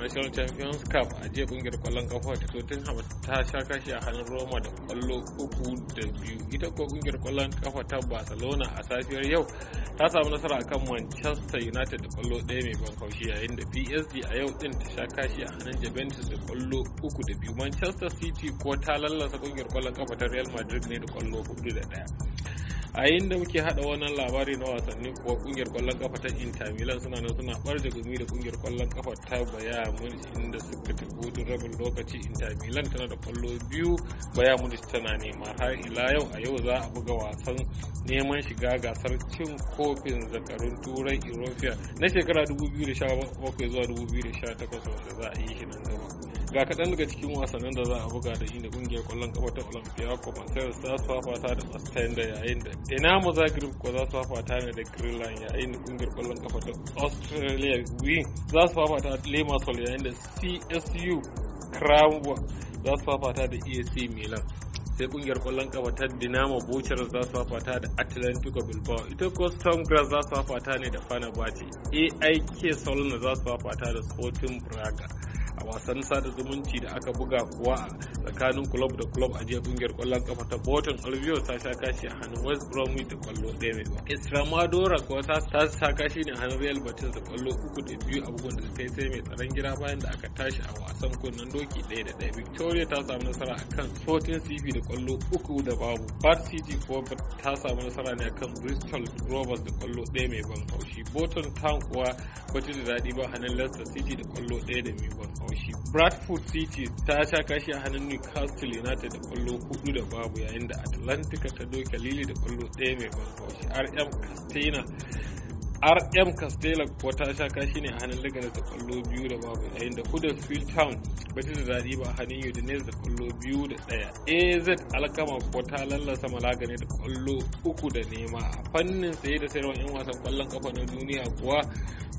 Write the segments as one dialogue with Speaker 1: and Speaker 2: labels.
Speaker 1: national Champions Cup a jiya kungiyar kwallon kafa ta Tottenham ta sha kashi a hannun Roma da kwallo uku da biyu. Ita kuwa kungiyar kwallon kafa ta Barcelona a safiyar yau ta samu nasara kan Manchester United da kwallo ɗaya mai ban kaushi yayin da PSG a yau din ta sha kashi a hannun Juventus da kwallo uku da biyu. Manchester City ko ta lallasa kungiyar kwallon kafa ta Real Madrid ne da kwallo hudu da ɗaya. a yayin da muke hada wannan labari na wasanni kuwa kungiyar kwallon kafa ta inter milan suna nan suna barje gumi da kungiyar kwallon kafa ta baya munich inda suka tafi hutun rabin lokaci inter milan tana da kwallo biyu baya munich tana nema har ila yau a yau za a buga wasan neman shiga gasar cin kofin zakarun turai europia na shekara 2017 zuwa 2018 wanda za a yi shi nan gaba ga kaɗan daga cikin wasannin da za a buga da inda ƙungiyar ƙwallon ƙafa ta olympiacos panthers za su fafata da da yayin da dinamo zagreb ko za su fafata ne da greenland yayin da ƙungiyar ƙwallon ƙafa ta australia wing za su fafata da limassol yayin da csu cranbrook za su fafata da esc milan sai kungiyar kwallon kafa ta dinamo bucharest za su fafata da atlantico bilbao ita ko stormgrass za su fafata ne da fanabace aik solna za su fafata da sporting braga wasan sada zumunci da aka buga kuwa a tsakanin club da club a jiya kungiyar kwallon kafa ta Bolton Albion ta sha kashi a hannun West Bromwich da kwallo ɗaya mai ba. Extremadura kuwa ta sha kashi ne a hannun Real Betis da kwallo uku da biyu a bugun da ta sai mai tsaron gida bayan da aka tashi a wasan kunnen doki ɗaya da ɗaya. Victoria ta samu nasara a kan Sporting CP da kwallo uku da babu. Bar City kuwa ta samu nasara ne a kan Bristol Rovers da kwallo ɗaya mai ban haushi. Bolton Town kuwa ko da daɗi ba hannun Leicester City da kwallo ɗaya da biyu ban haushi. Bradford City ta sha kashi a hannun Newcastle United da kwallo hudu da babu yayin da Atlantica ta doke Lille da kwallo ɗaya mai ban haushi. RM Castina rm castella kuwa ta sha kashi ne a hannun liganes da kwallo biyu da babu yayin da field town ba ta da ba a hannun udinese da kwallo biyu da ɗaya az alkama kuwa ta lallasa malaga ne da kwallo uku da nema a fannin saye da sayarwa yan wasan kwallon kafa na duniya kuwa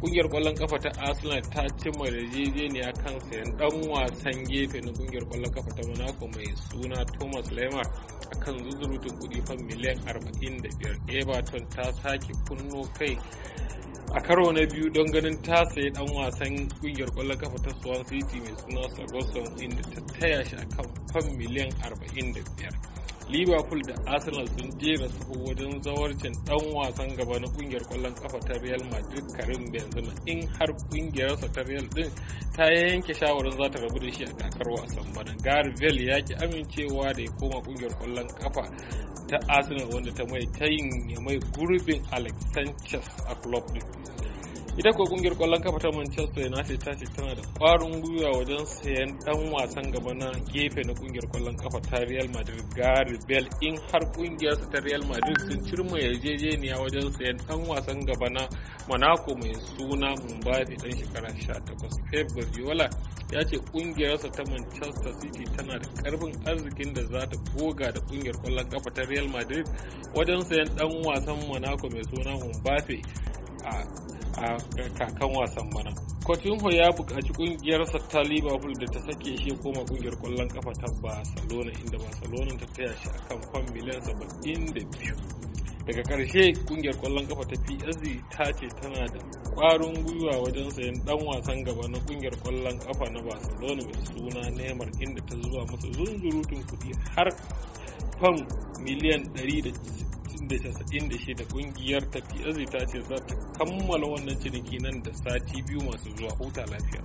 Speaker 1: kungiyar kwallon kafa ta arsenal ta cimma da yarjejeniya kan sayan dan wasan gefe na kungiyar kwallon kafa ta monaco mai suna thomas lemar a kan zuzurutun kudi fan miliyan 45 everton ta sake kunno kai a karo na biyu don ganin ta sayi dan wasan kungiyar kwallon kafa ta swan city mai suna boston inda ta taya shi a kan miliyan 45 liverpool da arsenal sun jera su wajen zawarcin dan wasan gaba na kungiyar kwallon kafa ta real madrid karim benzema in har kungiyarsa ta real din ta yanke shawarar za ta rabu da shi a kakar wasan bana garvel ya ki amincewa da ya koma kungiyar kwallon kafa ta arsenal wanda ta mai tayin ya mai gurbin alex sanchez a club din ita ko kungiyar kwallon kafa ta manchester united ta ce tana da kwarin gwiwa wajen sayan dan wasan gaba na gefe na kungiyar kwallon kafa ta real madrid gary bell in har kungiyar ta real madrid sun cirma yarjejeniya wajen sayan dan wasan gaba na monaco mai suna mumbai dan shekara 18 pep guardiola ya ce kungiyarsa ta manchester city tana da karfin arzikin da za ta goga da kungiyar kwallon kafa ta real madrid wajen sayan dan wasan monaco mai suna mumbai a kakan wasan bana. Coutinho ya buƙaci ƙungiyarsa ta Liverpool da ta sake shi koma ƙungiyar ƙwallon kafa ta Barcelona inda Barcelona ta taya shi akan kwan miliyan 72. daga ƙarshe ƙungiyar ƙwallon kafa ta PSG ta ce tana da ƙwarin gwiwa wajen sayan ɗan wasan gaba na ƙungiyar ƙwallon kafa na barcelona mai suna neymar inda ta zuwa masa zunzurutun kuɗi har fam miliyan 160 da kungiyar ta PSV ta ce za ta kammala wannan ciniki nan da sati biyu masu zuwa huta lafiya.